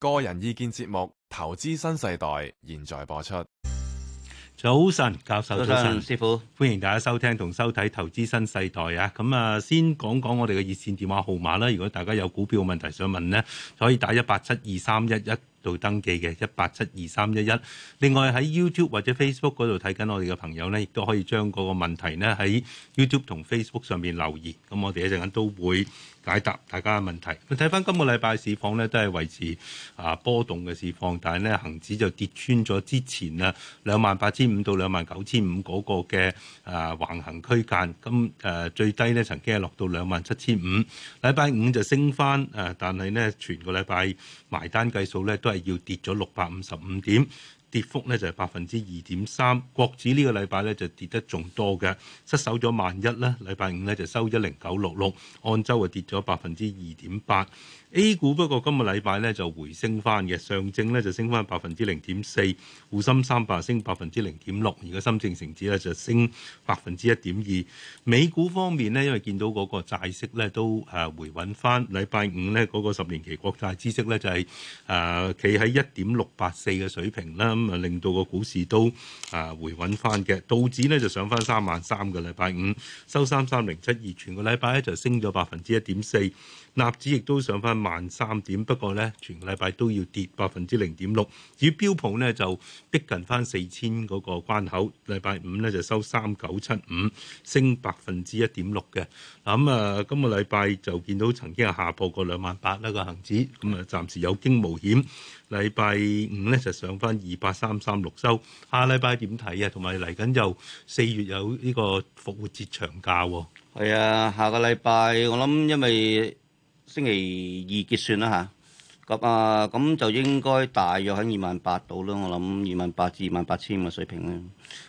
個人意見節目《投資新世代》現在播出。早晨，教授，早晨，早晨師傅，歡迎大家收聽同收睇《投資新世代》啊！咁啊，先講講我哋嘅熱線電話號碼啦。如果大家有股票問題想問呢，可以打一八七二三一一。到登記嘅一八七二三一一，另外喺 YouTube 或者 Facebook 度睇緊我哋嘅朋友呢，亦都可以將嗰個問題咧喺 YouTube 同 Facebook 上面留言，咁我哋一陣間都會解答大家嘅問題。睇翻今個禮拜市況呢，都係維持啊波動嘅市況，但係呢，恒指就跌穿咗之前 28, 29, 啊兩萬八千五到兩萬九千五嗰個嘅啊橫行區間，咁誒、啊、最低呢，曾經係落到兩萬七千五，禮拜五就升翻誒、啊，但係呢，全個禮拜埋單計數呢。都。要跌咗六百五十五點，跌幅咧就係百分之二點三。國指呢個禮拜咧就跌得仲多嘅，失守咗萬一啦。禮拜五咧就收一零九六六，按周啊跌咗百分之二點八。A 股不過今個禮拜咧就回升翻嘅，上證咧就升翻百分之零點四，滬深三百升百分之零點六，而個深證成指咧就升百分之一點二。美股方面呢，因為見到嗰個債息咧都誒回穩翻，禮拜五呢，嗰、那個十年期國債孳息咧就係誒企喺一點六八四嘅水平啦，咁、嗯、啊令到個股市都誒回穩翻嘅，道指呢，就上翻三萬三嘅，禮拜五收三三零七二，全個禮拜咧就升咗百分之一點四。納指亦都上翻萬三點，不過咧，全個禮拜都要跌百分之零點六。至於標普呢，就逼近翻四千嗰個關口，禮拜五呢，就收三九七五，升百分之一點六嘅。咁、嗯、啊，今個禮拜就見到曾經係下破過兩萬八啦個恒指，咁、嗯、啊暫時有驚無險。禮拜五呢，就上翻二八三三六收，下禮拜點睇啊？同埋嚟緊又四月有呢個復活節長假喎、哦。係啊，下個禮拜我諗，因為星期二結算啦嚇，咁啊咁就應該大約喺二萬八到啦，我諗二萬八至二萬八千五嘅水平咧。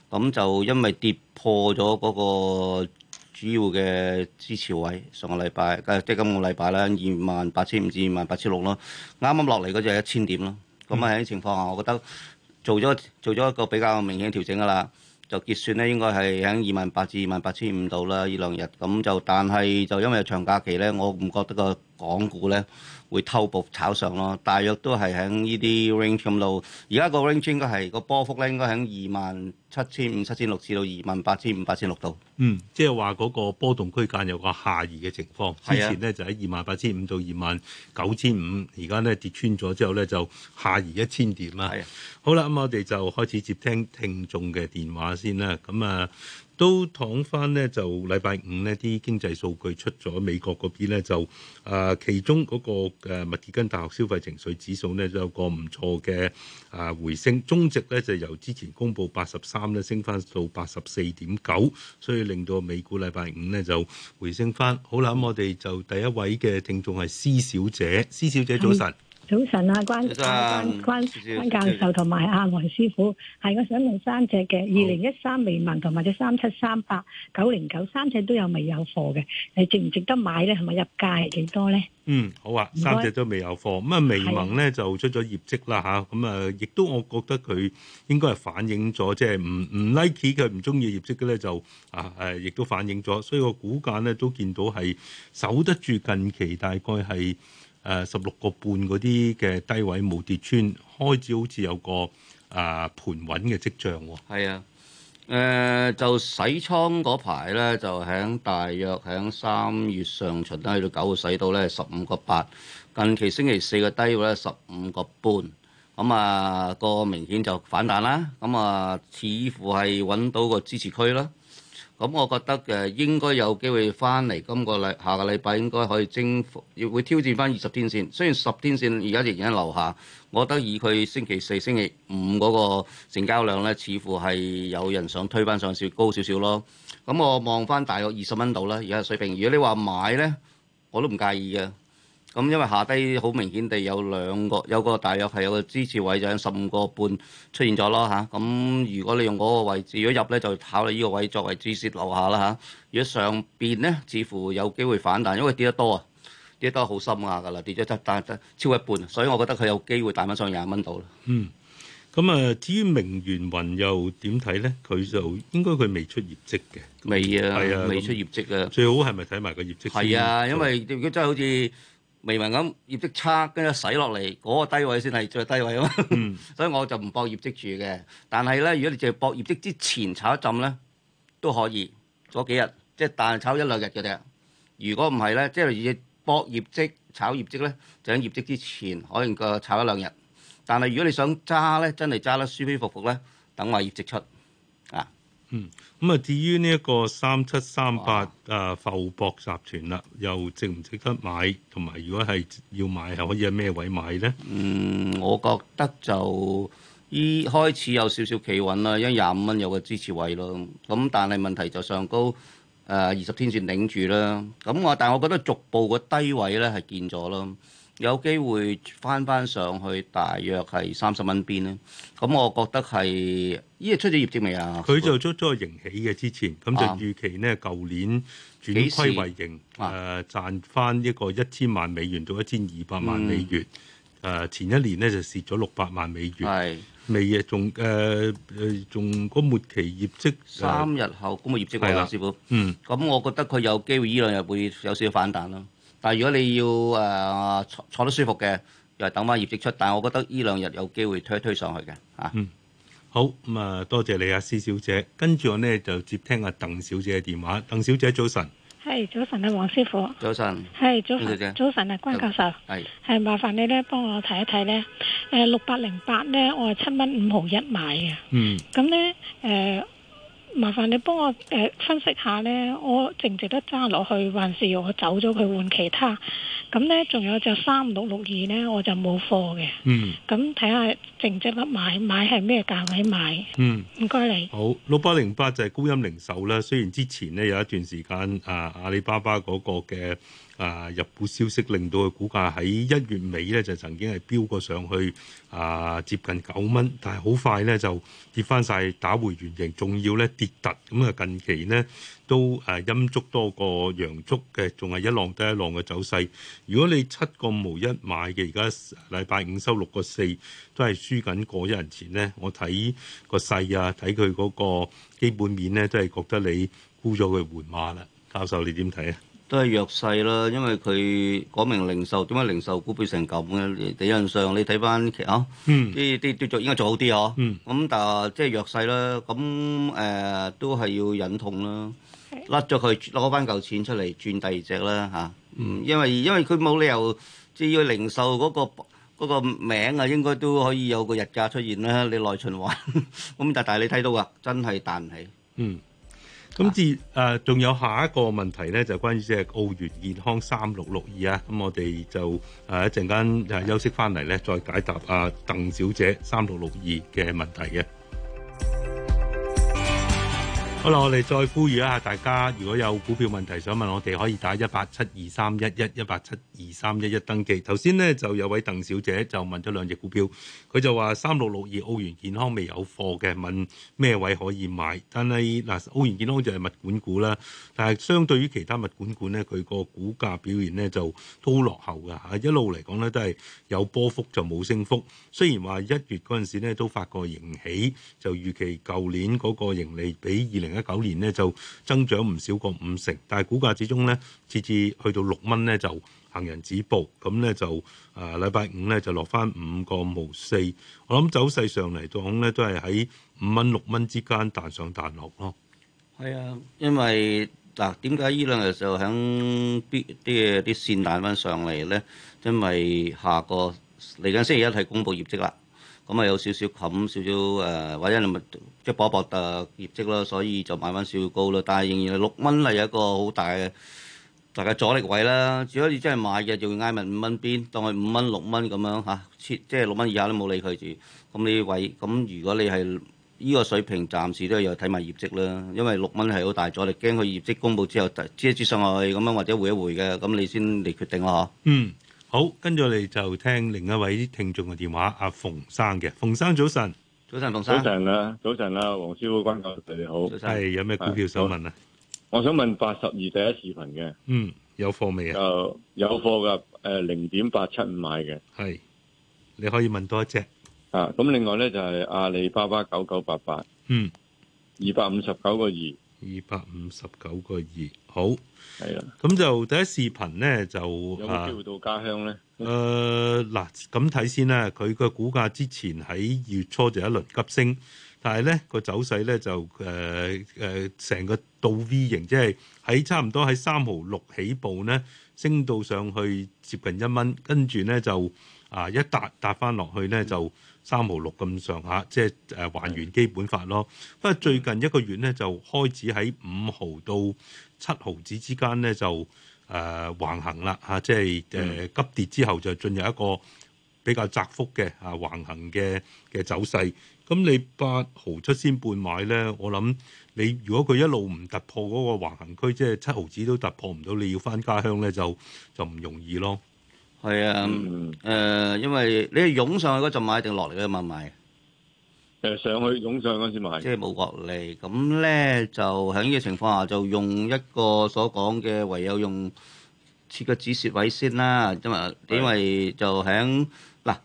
咁就因為跌破咗嗰個主要嘅支持位，上個禮拜即係今個禮拜啦，二萬八千五至二萬八千六咯。啱啱落嚟嗰陣係一千點咯。咁啊喺情況下，我覺得做咗做咗一個比較明顯嘅調整噶啦，就結算咧應該係喺二萬八至二萬八千五到啦，呢兩日。咁就但係就因為長假期咧，我唔覺得個。港股咧會偷步炒上咯，大約都係喺呢啲 range 咁度。而家個 range 應該係個波幅咧，應該喺二萬七千五、七千六至到二萬八千五、八千六度。嗯，即係話嗰個波動區間有個下移嘅情況。是的 之前咧就喺二萬八千五到二萬九千五，而家咧跌穿咗之後咧就下移一千點啦。係啊是的，好啦，嗯，咁我哋就開始接聽聽眾嘅電話先啦。咁啊～都講翻呢，就禮拜五呢啲經濟數據出咗美國嗰邊咧，就啊、呃、其中嗰、那個誒密、呃、歇根大學消費情緒指數呢，就有個唔錯嘅啊回升，中值呢，就由之前公佈八十三咧升翻到八十四點九，所以令到美股禮拜五呢就回升翻。好啦，咁、嗯、我哋就第一位嘅聽眾係施小姐，施小姐早晨。早晨啊，關關關教授同埋阿黃師傅，係我想問三隻嘅二零一三微盟，同埋隻三七三八九零九三隻都有未有貨嘅？係值唔值得買咧？同埋入價係幾多咧？嗯，好啊，怪三隻都未有貨。咁啊，微盟咧就出咗業績啦，吓，咁啊，亦都我覺得佢應該係反映咗，即係唔唔 like 佢唔中意業績嘅咧，就啊、是、誒，亦、like 嗯、都反映咗。所以個股價咧都見到係守得住近期，大概係。誒、呃、十六個半嗰啲嘅低位冇跌穿，開始好似有個啊、呃、盤穩嘅跡象喎、哦。係啊，誒、呃、就洗倉嗰排咧，就喺大約喺三月上旬都去到九號，洗到咧十五個八。8, 近期星期四嘅低位咧十五個半，咁啊、那個明顯就反彈啦。咁啊，似乎係揾到個支持區啦。咁、嗯、我覺得誒應該有機會翻嚟，今個禮下個禮拜應該可以征服，要會挑戰翻二十天線。雖然十天線而家仍然留下，我覺得以佢星期四、星期五嗰個成交量咧，似乎係有人想推翻上去高少少咯。咁、嗯、我望翻大約二十蚊度啦，而家水平。如果你話買咧，我都唔介意嘅。咁因為下低好明顯地有兩個有個大約係有個支持位就係十五個半出現咗咯嚇，咁、啊嗯、如果你用嗰個位置，如果入咧就考慮依個位作為止蝕留下啦嚇、啊。如果上邊咧，似乎有機會反彈，因為跌得多啊，跌得多好深啊噶啦，跌咗七但係超一半，所以我覺得佢有機會大翻上廿蚊度。啦、嗯。嗯，咁啊，至於明源雲又點睇咧？佢就應該佢未出業績嘅，未啊，啊未出業績，是是業績啊。最好係咪睇埋個業績先？係啊，因為如果真係好似明明咁業績差，跟住洗落嚟嗰個低位先係最低位咯， mm. 所以我就唔博業績住嘅。但係咧，如果你淨係博業績之前炒一浸咧，都可以嗰幾日，即係但係炒一兩日嘅啫。如果唔係咧，即係要博業績炒業績咧，就喺業績之前可能個炒一兩日。但係如果你想揸咧，真係揸得舒舒服服咧，等埋業績出。嗯，咁啊至於呢一個三七三八啊，浮博集團啦，又值唔值得買？同埋如果係要買，係可以喺咩位買咧？嗯，我覺得就依開始有少少企穩啦，因為廿五蚊有個支持位咯。咁但係問題就上高，誒，二十天線頂住啦。咁我但係我覺得逐步個低位咧係見咗咯。有機會翻翻上去大約係三十蚊邊咧，咁我覺得係依係出咗業績未啊？佢就出咗盈喜嘅之前，咁、啊、就預期呢，舊年轉虧為盈，誒、呃、賺翻一個一千萬美元到一千二百萬美元，誒、嗯呃、前一年呢，就蝕咗六百萬美元。是未嘅，仲誒誒仲末期業績、呃、三日後公布業績㗎，的師傅。嗯，咁我覺得佢有機會呢兩日會有少少反彈咯。但係如果你要誒坐坐得舒服嘅，又係等翻業績出，但係我覺得呢兩日有機會推推上去嘅嚇。嗯，好，咁啊，多謝你啊，施小姐。跟住我咧就接聽阿鄧小姐嘅電話。鄧小姐早晨。係，早晨啊，黃師傅。早晨。係，早晨。早晨啊，關教授。係係，麻煩你咧，幫我睇一睇咧。誒六百零八咧，我係七蚊五毫一買嘅。嗯。咁咧誒。麻煩你幫我誒分析下咧，我值唔值得揸落去，還是我走咗佢換其他？咁咧，仲有隻三六六二咧，我就冇貨嘅。嗯，咁睇下值唔值得買，買係咩價位買？嗯，唔該你。好，六八零八就係高音零售啦。雖然之前咧有一段時間啊，阿里巴巴嗰個嘅。啊！入股消息令到佢股價喺一月尾咧，就曾經係飆過上去啊，接近九蚊，但係好快咧就跌翻曬，打回原形。仲要咧跌突咁啊！近期咧都啊陰燭多過陽燭嘅，仲係一浪低一浪嘅走勢。如果你七個冇一買嘅，而家禮拜五收六個四，都係輸緊過一人錢咧。我睇個勢啊，睇佢嗰個基本面咧，都係覺得你沽咗佢換馬啦。教授你點睇啊？都係弱勢啦，因為佢講明零售，點解零售股變成咁嘅？理論上你睇翻嚇，啲啲都做應該做好啲哦。咁、啊嗯、但係即係弱勢啦。咁、嗯、誒、呃、都係要忍痛啦，甩咗佢攞翻嚿錢出嚟轉第二隻啦嚇、啊嗯。因為因為佢冇理由，至於零售嗰、嗰個嗰個名啊，應該都可以有個日價出現啦。你內循環咁，但係你睇到啊，真係彈起。嗯。咁至誒，仲、嗯、有下一個問題咧，就是、關於即係澳元健康三六六二啊。咁、嗯、我哋就誒一陣間誒休息翻嚟咧，再解答阿、啊、鄧小姐三六六二嘅問題嘅。好啦，我哋再呼籲一下大家，如果有股票問題想問我哋，可以打一八七二三一一一八七二三一一登記。頭先呢就有位鄧小姐就問咗兩隻股票，佢就話三六六二奧園健康未有貨嘅，問咩位可以買？但係嗱、呃，奧園健康就係物管股啦，但係相對於其他物管股呢，佢個股價表現呢就都落後㗎嚇、啊，一路嚟講呢，都係有波幅就冇升幅。雖然話一月嗰陣時呢都發過盈喜，就預期舊年嗰個盈利比二零。一九年咧就增長唔少過五成，但係股價始終咧次次去到六蚊咧就行人止步，咁咧就啊禮拜五咧就落翻五個毛四，我諗走勢上嚟講咧都係喺五蚊六蚊之間彈上彈落咯。係啊，因為嗱點解依兩日就響啲嘅啲線彈翻上嚟咧？因為下個嚟緊星期一係公布業績啦，咁啊有少少冚少少誒、呃，或者你咪。即搏一搏誒業績啦，所以就買翻少高啦。但係仍然係六蚊係有一個好大嘅，大家阻力位啦。的的啊、如果你真係買嘅就挨埋五蚊邊，當佢五蚊六蚊咁樣嚇。即係六蚊以下都冇理佢住。咁你位咁如果你係依個水平，暫時都要睇埋業績啦。因為六蚊係好大阻力，驚佢業績公布之後跌一跌上去咁樣，或者回一回嘅，咁你先嚟決定咯。嗯，好，跟住我哋就聽另一位聽眾嘅電話，阿、啊、馮生嘅，馮生早晨。早晨，唐生。早晨啦，早晨啦，黃師傅關教佢哋好。係有咩股票想問啊？我想問八十二第一視頻嘅。嗯，有貨未啊？有有貨噶，誒，零點八七五買嘅。係，你可以問多一隻啊。咁另外咧就係、是、阿里巴巴九九八八，嗯，二百五十九個二，二百五十九個二，好。係啦。咁就第一視頻咧就有冇機會到家鄉咧？誒嗱，咁睇、呃、先啦。佢個股價之前喺月初就一輪急升，但係咧個走勢咧就誒誒成個倒 V 型，即係喺差唔多喺三毫六起步咧，升到上去接近一蚊，跟住咧就啊一踏踏返落去咧就三毫六咁上下，即係誒還原基本法咯。不過的最近一個月咧就開始喺五毫到七毫子之間咧就。誒、呃、橫行啦，嚇、啊，即係誒、呃、急跌之後就進入一個比較窄幅嘅嚇、啊、橫行嘅嘅走勢。咁你八毫七仙半買咧，我諗你如果佢一路唔突破嗰個橫行區，即係七毫子都突破唔到，你要翻家鄉咧就就唔容易咯。係啊，誒、嗯呃，因為你係湧上去嗰陣買定落嚟嗰陣買？上去湧是上嗰陣時買，即係冇落嚟。咁咧就喺呢個情況下，就用一個所講嘅，唯有用切個止蝕位先啦。因為因為就喺嗱的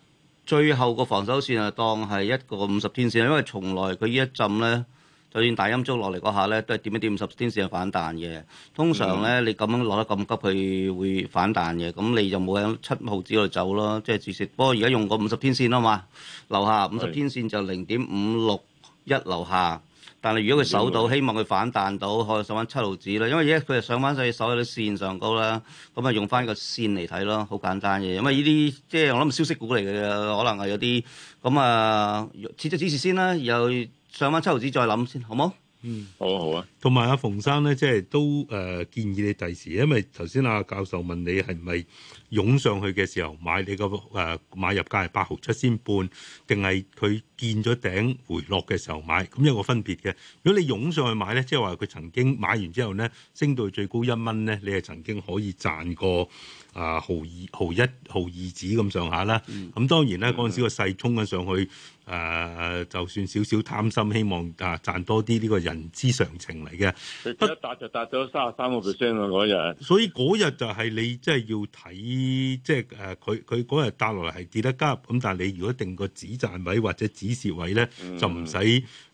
最後個防守線啊，就當係一個五十天線，因為從來佢依一浸咧。就算大陰燭落嚟嗰下咧，都係點一點五十天線係反彈嘅。通常咧，嗯、你咁樣攞得咁急，佢會反彈嘅。咁你就冇喺七毫子嗰度走咯，即係住食，不過而家用個五十天線啊嘛，留下五十天線就零點五六一留下。但係如果佢守到，零點五。希望佢反彈到，可以上翻七毫子咯。因為而家佢係上翻曬所有啲線上高啦。咁啊，用翻個線嚟睇咯，好簡單嘅。因為呢啲即係我諗消息股嚟嘅，可能係有啲咁啊，設咗指示先啦，有。上翻七毫紙再諗先，好冇？嗯，好啊，好啊。同埋阿馮生咧，即係都誒、呃、建議你第時，因為頭先阿教授問你係咪湧上去嘅時候買，你個誒、呃、買入價係八毫七仙半，定係佢見咗頂回落嘅時候買？咁有個分別嘅。如果你湧上去買咧，即係話佢曾經買完之後咧，升到最高一蚊咧，你係曾經可以賺過。啊，毫二毫一毫二子咁上下啦。咁、嗯、當然啦，嗰陣、嗯、時個勢衝緊上去，誒、呃，就算少少貪心，希望誒、啊、賺多啲呢個人之常情嚟嘅。嗯、但一達就達咗三十三個 percent 喎，嗰日。所以嗰日就係你即係、就是、要睇，即係誒，佢佢嗰日達落嚟係跌得急，咁但係你如果定個止賺位或者止蝕位咧，就唔使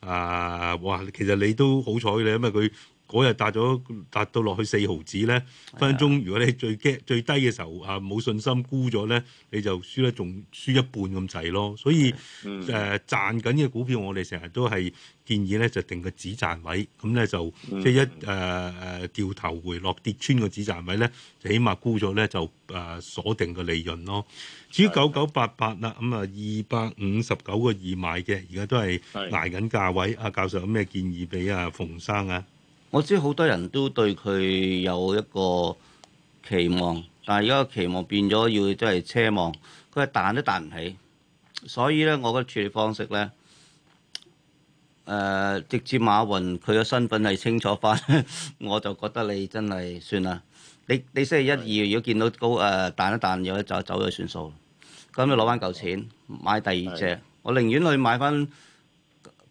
啊！哇、嗯嗯呃，其實你都好彩嘅，因為佢。嗰日達咗達到落去四毫紙咧，分分鐘如果你最 g 最低嘅時候啊，冇信心估咗咧，你就輸咧，仲輸一半咁滯咯。所以誒、嗯呃、賺緊嘅股票，我哋成日都係建議咧，就定個止賺位，咁咧就即係一誒誒、啊、掉頭回落跌穿個止賺位咧，就起碼估咗咧就誒、呃、鎖定個利潤咯。至於九九八八啦，咁啊二百五十九個二買嘅，而家都係挨緊價位。阿的、啊、教授有咩建議俾阿、啊、馮生啊？我知好多人都對佢有一個期望，但係而家期望變咗，要真係奢望，佢彈都彈唔起。所以咧，我嘅處理方式咧，誒、呃、直接馬雲佢嘅身份係清楚翻， 我就覺得你真係算啦。你你星期一二，的如果見到高誒彈、呃、一彈，有一走走咗算數，咁你攞翻嚿錢買第二隻，的我寧願去買翻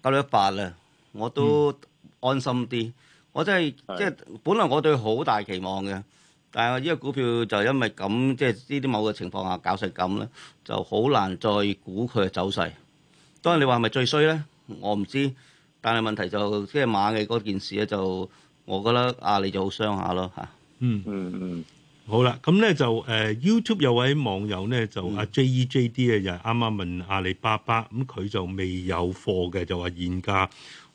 九一八啊，我都、嗯、安心啲。我真係的即係本來我對佢好大期望嘅，但係依個股票就因為咁，即係呢啲某嘅情況下搞成咁咧，就好難再估佢嘅走勢。當然你話係咪最衰咧，我唔知，但係問題就是、即係螞蟻嗰件事咧，就我覺得啊，你就好傷下咯嚇、嗯。嗯嗯嗯，好啦，咁咧就誒、呃、YouTube 有位網友咧就阿、嗯、J E J D 啊，就啱啱問阿里巴巴，咁佢就未有貨嘅，就話現價。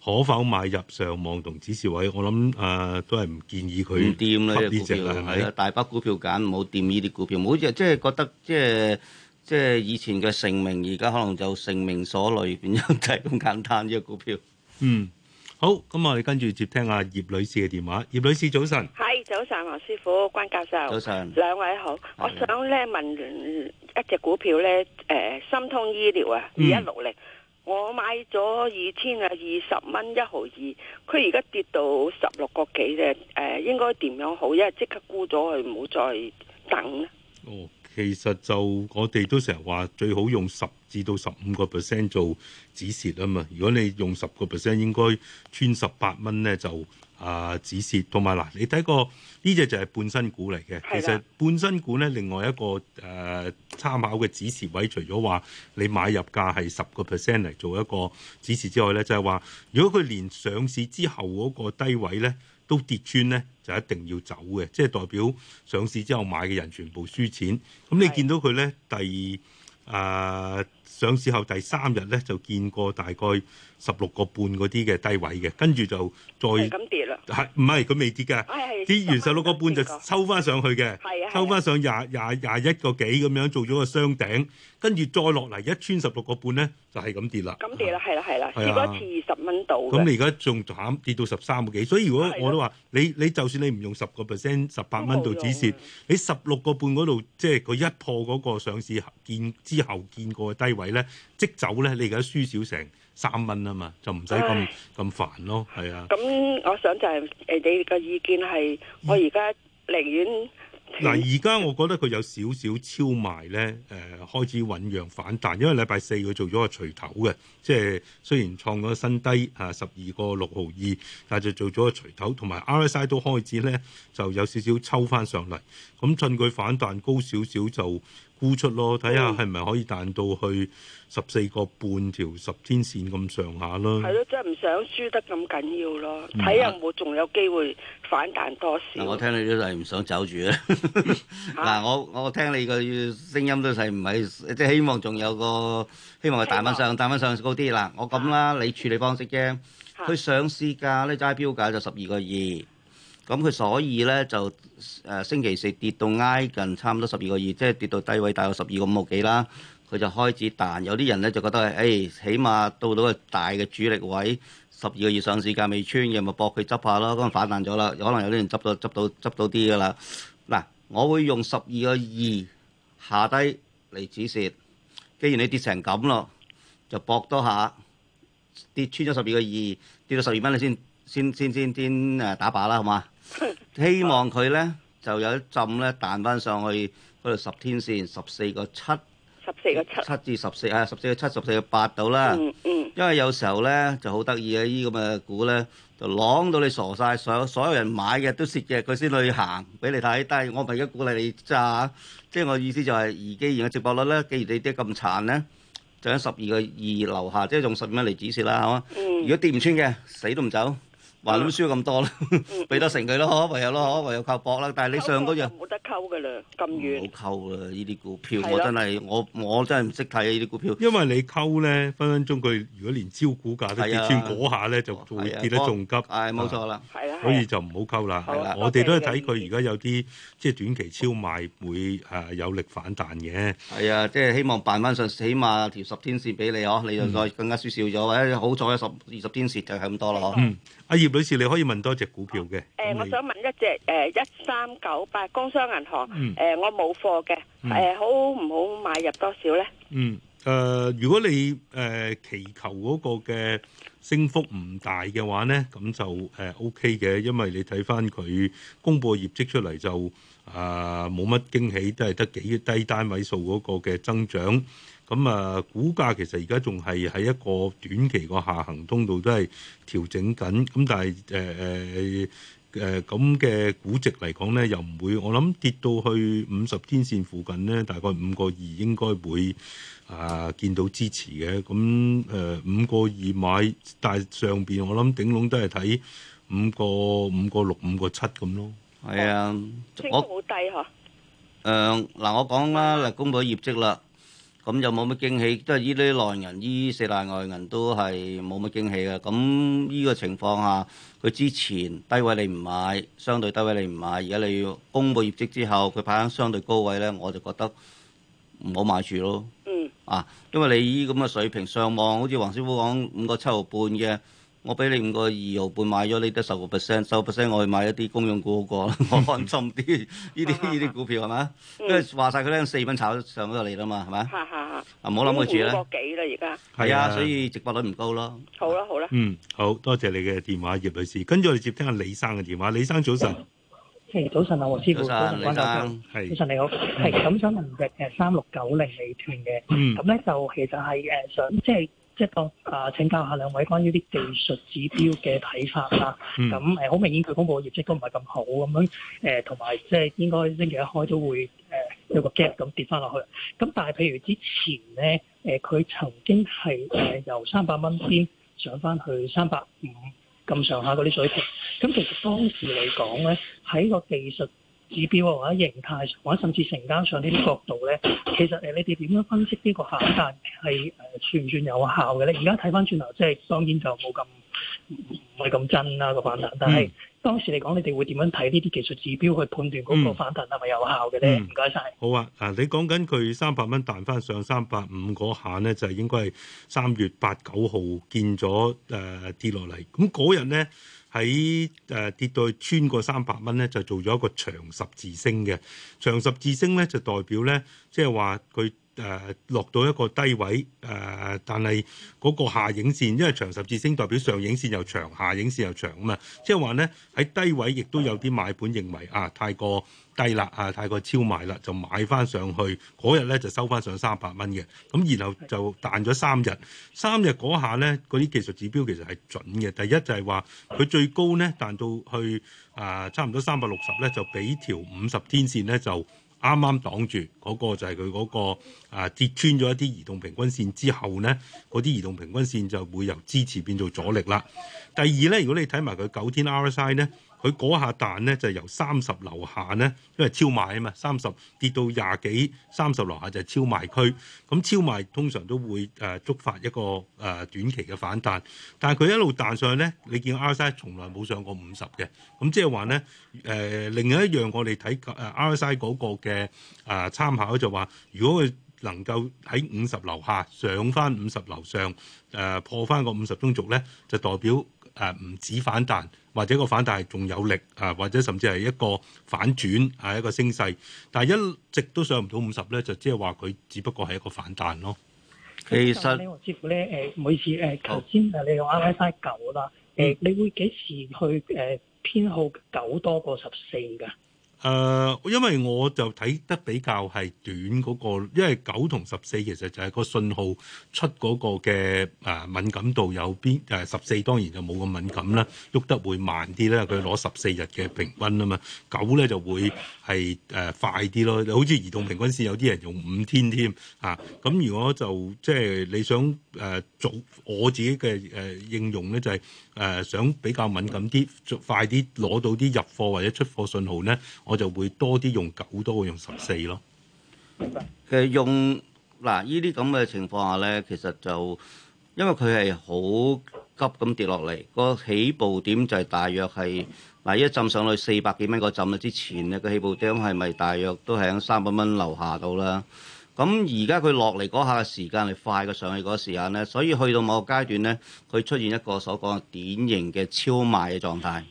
可否買入上網同指示位？我諗誒都係唔建議佢唔掂啦，呢啲股票係咪？大把股票揀，唔好掂呢啲股票。冇就即係覺得即係即係以前嘅成名，而家可能就成名所累，變咗就係咁簡單呢個股票。嗯，好，咁我哋跟住接聽阿葉女士嘅電話。葉女士，早晨。係，早晨，黃師傅，關教授。早晨。兩位好，我想咧問完一隻股票咧，誒，心通醫療啊，二一六零。我買咗二千啊，二十蚊一毫二，佢而家跌到十六個幾咧，誒、呃、應該點樣好？因為即刻沽咗佢，唔好再等咧。哦，其實就我哋都成日話最好用十至到十五個 percent 做止蝕啊嘛。如果你用十個 percent，應該穿十八蚊咧就。啊、呃，指示同埋嗱，你睇過呢隻就係半新股嚟嘅。的其實半新股咧，另外一個誒參、呃、考嘅指示位，除咗話你買入價係十個 percent 嚟做一個指示之外咧，就係、是、話如果佢連上市之後嗰個低位咧都跌穿咧，就一定要走嘅，即係代表上市之後買嘅人全部輸錢。咁、嗯、的你見到佢咧第啊？呃上市後第三日咧，就見過大概十六個半嗰啲嘅低位嘅，跟住就再咁跌啦。係唔係佢未跌嘅？係係跌完十六個半就抽翻上去嘅，抽翻上廿廿廿一個幾咁樣做咗個雙頂，跟住再落嚟一穿十六個半咧，就係咁跌啦。咁跌啦，係啦，係啦，跌多次二十蚊度。咁你而家仲慘跌到十三個幾，所以如果我都話你你就算你唔用十個 percent 十八蚊度止蝕，你十六個半嗰度即係佢一破嗰個上市見之後見過嘅低位。位咧即走咧，你而家輸少成三蚊啊嘛，就唔使咁咁煩咯，係啊。咁我想就係、是、誒、呃，你個意見係我而家寧願嗱，而家我覺得佢有少少超賣咧，誒、呃、開始醖釀反彈，因為禮拜四佢做咗個錘頭嘅，即係雖然創咗新低啊十二個六毫二，62, 但係就做咗個錘頭，同埋 RSI 都開始咧就有少少抽翻上嚟，咁趁佢反彈高少少就。沽出咯，睇下係咪可以彈到去十四個半條十天線咁上下咯。係咯，即係唔想輸得咁緊要咯，睇下有冇仲有，有機會反彈多少。啊、我聽你都係唔想走住啦。嗱、 啊啊，我我聽你個聲音都係唔係即係希望仲有個希望係彈翻上，彈翻望上高啲。嗱，我咁啦，啊、你處理方式啫。佢、啊、上市價咧，揸標價就十二個二。咁佢所以咧就誒、呃、星期四跌到挨近差唔多十二個二，即係跌到低位大約，大概十二個五毫幾啦。佢就開始彈，有啲人咧就覺得係誒、哎，起碼到到個大嘅主力位十二個二上市價未穿嘅，咪搏佢執下咯。咁反彈咗啦，可能有啲人執到執到執到啲噶啦。嗱，我會用十二個二下低嚟止蝕。既然你跌成咁咯，就搏多下跌穿咗十二個二，跌到十二蚊你先先先先先誒打靶啦，好嘛？希望佢咧就有一浸咧彈翻上去嗰度，十天線十四個七，十四個七七至十四啊，十四個七十四個八度啦。嗯嗯，因為有時候咧就好得意啊，呢咁嘅股咧就晾到你傻晒，所有所有人買嘅都蝕嘅，佢先去行俾你睇。但係我唔係而家鼓勵你揸、啊，即係我意思就係、是、而既然嘅接播率咧，既然你跌咁殘咧，漲十二個二樓下，即係用十五蚊嚟止蝕啦，係嘛？嗯、如果跌唔穿嘅，死都唔走。還都輸咁多啦，俾得成佢咯，唯有咯，唯有靠搏啦。但係你上嗰日冇得溝㗎啦，咁遠。冇溝啦，呢啲股票我真係我我真係唔識睇呢啲股票。因為你溝咧，分分鐘佢如果連招股價都跌穿嗰下咧，就仲會跌得仲急。係冇錯啦，所以就唔好溝啦。我哋都係睇佢而家有啲即係短期超賣會誒有力反彈嘅。係啊，即係希望辦翻上，起碼條十天線俾你哦，你就再更加輸少咗，或者好彩十二十天線就係咁多咯嗬。阿葉女士，你可以問多隻股票嘅。誒、呃，你我想問一隻誒一三九八工商銀行。誒、嗯呃，我冇貨嘅。誒、呃，好唔好買入多少咧？嗯，誒、呃，如果你誒、呃、祈求嗰個嘅升幅唔大嘅話咧，咁就誒 O K 嘅，因為你睇翻佢公布業績出嚟就誒冇乜驚喜，都係得幾低單位數嗰個嘅增長。咁啊，嗯，股價其實而家仲係喺一個短期個下行通道，都係調整緊。咁但係誒誒誒咁嘅估值嚟講咧，又唔會，我諗跌到去五十天線附近咧，大概五個二應該會啊、呃、見到支持嘅。咁誒五個二買，但係上邊我諗頂籠都係睇五個五個六五個七咁咯。係啊，我好低吓誒嗱、啊呃，我講啦，嚟公布業績啦。咁就冇乜驚喜，即係依啲內銀、依四大外銀都係冇乜驚喜嘅。咁依個情況下，佢之前低位你唔買，相對低位你唔買，而家你要公布業績之後，佢派上相對高位咧，我就覺得唔好買住咯。嗯。啊，因為你依咁嘅水平上望，好似黃師傅講五個七毫半嘅。我俾你五個二毫半買咗呢啲十個 percent，十 percent 我去買一啲公用股好過，我安心啲。呢啲呢啲股票係咪？因為話曬佢咧四蚊炒上咗嚟啦嘛，係咪？嚇嚇嚇！啊唔好諗佢住啦。半個幾啦而家。係啊，所以直播率唔高咯。好啦好啦。嗯，好多謝你嘅電話，葉女士。跟住我哋接聽下李生嘅電話。李生早晨。誒早晨啊，黃師傅。早晨你好。早晨你好。係咁想問隻誒三六九零美團嘅，咁咧就其實係誒想即係。即係當啊、呃，請教下兩位關於啲技術指標嘅睇法啦。咁誒，好、 呃、明顯佢公布嘅業績都唔係咁好咁樣誒，同埋即係應該星期一開都會誒、呃、有個 gap 咁跌翻落去。咁但係譬如之前咧，誒、呃、佢曾經係誒、呃、由三百蚊先上翻去三百五咁上下嗰啲水平。咁其實當時嚟講咧，喺個技術指標或者形態或者甚至成交上呢啲角度咧，其實誒，你哋點樣分析呢個反彈係誒算唔算有效嘅咧？而家睇翻轉頭，即係當然就冇咁唔係咁真啦、啊、個反彈，但係、嗯、當時嚟講，你哋會點樣睇呢啲技術指標去判斷嗰個反彈係咪、嗯、有效嘅咧？唔該晒。謝謝。好啊，嗱，你講緊佢三百蚊彈翻上三百五嗰下咧，就是、應該係三月八九號見咗誒、呃、跌落嚟，咁嗰日咧。喺誒、呃、跌到去穿過三百蚊咧，就做咗一個長十字星嘅，長十字星咧，就代表咧，即係話佢，誒、呃、落到一個低位誒、呃，但係嗰個下影線，因為長十字星代表上影線又長，下影線又長啊嘛，即係話咧喺低位亦都有啲買盤認為啊，太過低啦啊，太過超賣啦，就買翻上去，嗰日咧就收翻上三百蚊嘅，咁然後就彈咗三日，三日嗰下咧嗰啲技術指標其實係準嘅，第一就係話佢最高咧彈到去啊差唔多三百六十咧就俾條五十天線咧就。啱啱擋住嗰個就係佢嗰個啊，跌穿咗一啲移動平均線之後咧，嗰啲移動平均線就會由支持變做阻力啦。第二咧，如果你睇埋佢九天 RSI 咧。佢嗰下彈咧就係、由三十樓下咧，因為超賣啊嘛，三十跌到廿幾，三十樓下就係超賣區。咁、嗯、超賣通常都會誒觸、呃、發一個誒、呃、短期嘅反彈，但係佢一路彈上去咧，你見 RSI 從來冇上過五十嘅。咁、嗯、即係話咧誒，另一樣我哋睇誒 RSI 嗰個嘅誒參考就話，如果佢能夠喺五十樓下上翻五十樓上誒、呃、破翻個五十中軸咧，就代表。誒唔、啊、止反彈，或者個反彈係仲有力啊，或者甚至係一個反轉啊，一個升勢，但係一直都上唔到五十咧，就即係話佢只不過係一個反彈咯。其實咧，黃師傅咧，誒每次誒頭先啊，你用 RSI 九啦，誒，你會幾時去誒偏好九多過十四㗎？誒、呃，因為我就睇得比較係短嗰、那個，因為九同十四其實就係個信號出嗰個嘅誒、呃、敏感度有邊誒十四當然就冇咁敏感啦，喐得會慢啲啦。佢攞十四日嘅平均啊嘛，九咧就會係誒、呃、快啲咯。就好似移動平均線，有啲人用五天添啊。咁如果就即係、就是、你想誒、呃、做我自己嘅誒、呃、應用咧，就係、是。誒、呃、想比較敏感啲，快啲攞到啲入貨或者出貨信號咧，我就會多啲用九，多會用十四咯。其實用嗱，呢啲咁嘅情況下咧，其實就因為佢係好急咁跌落嚟個起步點，就係大約係嗱一浸上去四百幾蚊個浸啦。之前咧個起步點係咪大約都喺三百蚊樓下到啦？咁而家佢落嚟嗰下嘅時間係快過上去嗰時間咧，所以去到某個階段咧，佢出現一個所講典型嘅超賣嘅狀態。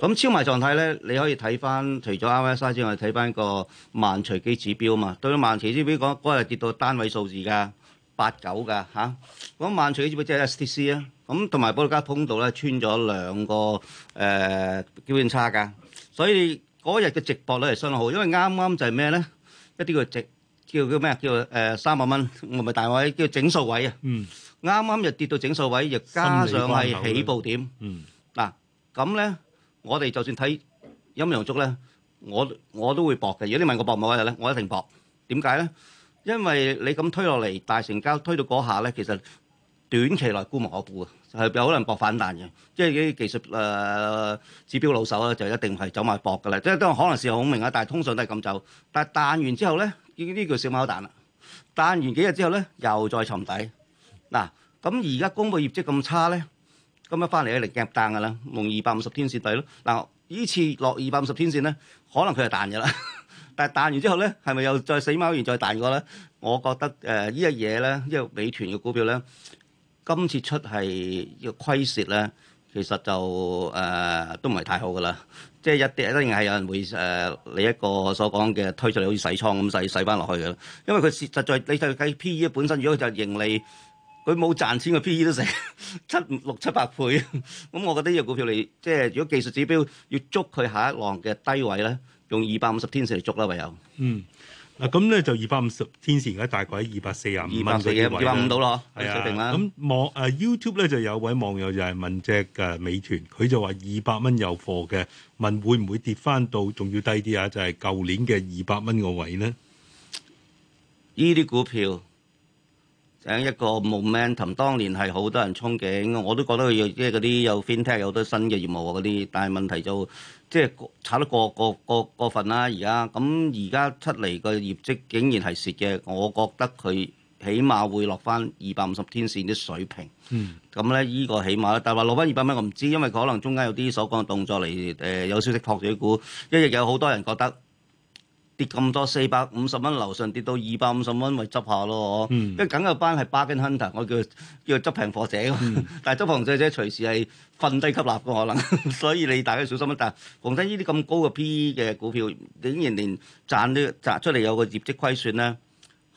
咁超賣狀態咧，你可以睇翻除咗 R S I 之外，睇翻個慢隨機指標啊嘛。對於慢隨機指標講嗰日跌到單位數字㗎八九㗎嚇，咁慢隨機指標即係 S T C 啊。咁同埋保歷加通道咧穿咗兩個誒標準差㗎，所以嗰日嘅直播率係信號，因為啱啱就係咩咧一啲嘅直。叫叫咩啊？叫誒三百蚊，唔係大位，叫整數位啊！啱啱就跌到整數位，又加上係起步點。嗱咁咧，我哋就算睇陰陽燭咧，我我都會博嘅。如果你問我博唔博嘅咧，我一定博。點解咧？因為你咁推落嚟大成交，推到嗰下咧，其實短期內沽無可沽啊，係有可能博反彈嘅。即係啲技術誒指標老手咧，就一定係走埋博嘅啦。即係都可能時候好明啊，但係通常都係咁走。但係彈完之後咧。呢啲叫小貓彈啦，彈完幾日之後咧，又再沉底。嗱、啊，咁而家公布業績咁差咧，今日翻嚟去嚟夾彈噶啦，用二百五十天線底咯。嗱、啊，依次落二百五十天線咧，可能佢係彈嘅啦。 但係彈完之後咧，係咪又再死貓完再彈過咧？我覺得誒依一嘢咧，因、呃、為、這個這個、美團嘅股票咧，今次出係要虧蝕咧。其實就誒、呃、都唔係太好噶啦，即係一啲一定係有人會誒你、呃、一個所講嘅推出嚟好似洗倉咁洗洗翻落去嘅。因為佢實在你就計 P E 本身，如果就盈利佢冇賺錢嘅 P E 都成七六七百倍，咁我覺得呢個股票嚟，即係如果技術指標要捉佢下一浪嘅低位咧，用二百五十天線嚟捉啦，唯有。嗯。嗯啊，咁咧就二百五十天線，而家大概喺二百四廿五蚊嘅位，二百五到咯，係啊。咁、嗯、網啊 YouTube 咧就有位網友就係問隻嘅美團，佢就話二百蚊有貨嘅，問會唔會跌翻到仲要低啲啊？就係、是、舊年嘅二百蚊個位呢。呢啲股票，整、就是、一個 momentum，當年係好多人憧憬，我都覺得佢有即係啲有 fintech，有好多新嘅業務啲，但係問題就。即係炒得過過過過份啦！而家咁而家出嚟個業績竟然係蝕嘅，我覺得佢起碼會落翻二百五十天線啲水平。咁咧、嗯，呢、呢個起碼，但係話落翻二百蚊，我唔知，因為可能中間有啲所講嘅動作嚟誒、呃，有消息托水股，一日有好多人覺得。跌咁多，四百五十蚊樓上跌到二百五十蚊，咪執下咯，嗯、因為梗個班係 bargain hunter，我叫佢叫佢執平貨者，嗯、但係執房姐者隨時係瞓低吸納嘅可能，所以你大家小心啦。但係黃生呢啲咁高嘅 PE 嘅股票，竟然連賺都賺出嚟有個業績虧損咧，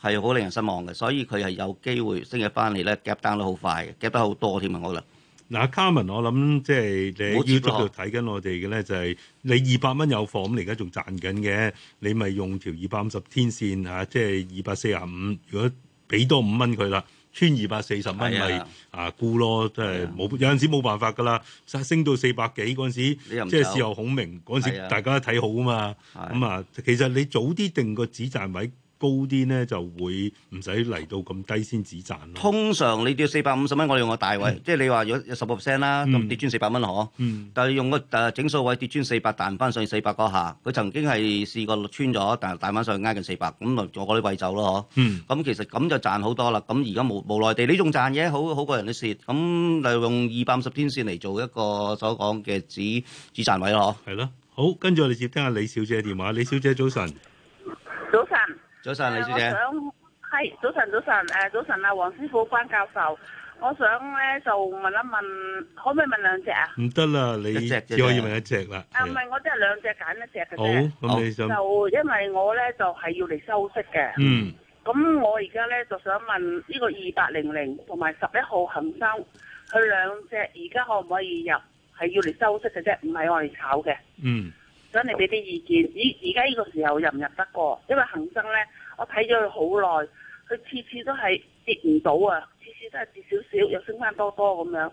係好令人失望嘅。所以佢係有機會升嘅翻嚟咧，夾 d 都好快，夾得好多添啊！我覺得。嗱，Carmen，我諗即係你 YouTube 喺度睇緊我哋嘅咧，就係你二百蚊有貨咁，你而家仲賺緊嘅，你咪用條二百五十天線啊，即係二百四十五，如果俾多五蚊佢啦，穿二百四十蚊咪啊沽咯，即係冇有陣時冇辦法噶啦，升到四百幾嗰陣時，即係事後孔明嗰陣時，大家都睇好啊嘛，咁啊，其實你早啲定個止賺位。高啲咧就會唔使嚟到咁低先止賺咯。通常你跌四百五十蚊，我哋用個大位，嗯、即係你話有有十 percent 啦，咁、嗯、跌穿四百蚊嗬。嗯、但係用個誒整數位跌穿四百，彈翻上去四百嗰下，佢曾經係試過穿咗，但係彈翻上挨近四百，咁我我嗰啲位走咯，嗬、嗯。咁其實咁就賺好多啦。咁而家無無奈地，你仲賺嘢，好好過人哋蝕。咁就用二百五十天線嚟做一個所講嘅止止賺位咯，嗬。係咯，好，跟住我哋接聽下李小姐電話。李小姐早晨。早晨，李小姐。係，早晨，早晨。誒，早晨啊，黃師傅、關教授，我想咧就問一問，可唔可以問兩隻啊？唔得啦，你一隻只可以問一隻啦。啊，唔係，我即係兩隻揀一隻嘅啫。好，咁你想就因為我咧就係要嚟收息嘅。嗯。咁我而家咧就想問呢個二八零零同埋十一號恒生佢兩隻，而家可唔可以入？係要嚟收息嘅啫，唔係我嚟炒嘅。嗯。想你俾啲意見，依而家呢個時候入唔入得過？因為恒生咧，我睇咗佢好耐，佢次次都係跌唔到啊，次次都係跌少少，又升翻多多咁樣。